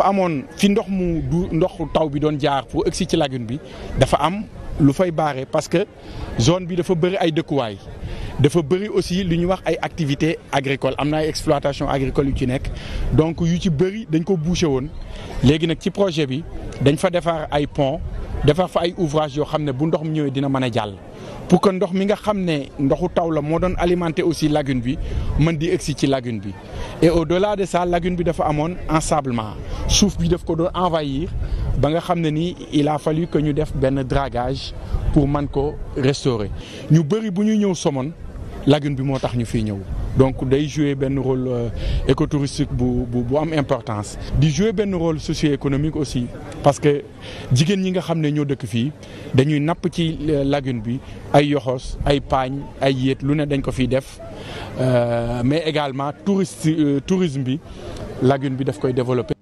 dafa amoon fi ndox mu du ndox taw bi doon jaar pour egsi ci lagune bi dafa am lu fay baare parce que zone bi dafa bëri ay dëkkuwaay dafa bëri aussi lu ñuy wax ay activités agricole am na ay exploitation agricole yu ci nekk donc yu ci bëri dañ ko boucher woon léegi nag ci projet bi dañ fa defar ay pont defar fa ay ouvrage yoo xam ne bu ndox mi ñëwee dina mën a jàll pour que ndox mi nga xam ne ndoxu taw la moo doon alimenter aussi lagune bi man di egsi ci lagune bi et au delà de ça lagune bi dafa amoon ensablement suuf bi def ko doon envahir ba nga xam ne nii il a fallu que ñu def benn dragage pour man ko restaurer ñu bëri bu ñuy ñëw Somone lagune bi moo tax ñu fiy ñëw. donc day jouer benn rôle euh, écotouristique bu bu bu am importance. di jouer benn rôle socio-économique aussi parce que jigéen ñi nga xam ne ñoo dëkk fii dañuy napp ci euh, laguine bi ay yoxos ay paañ ay yéet lu ne dañ ko fiy def euh, mais également touriste tourisme bi lagune bi daf koy développer.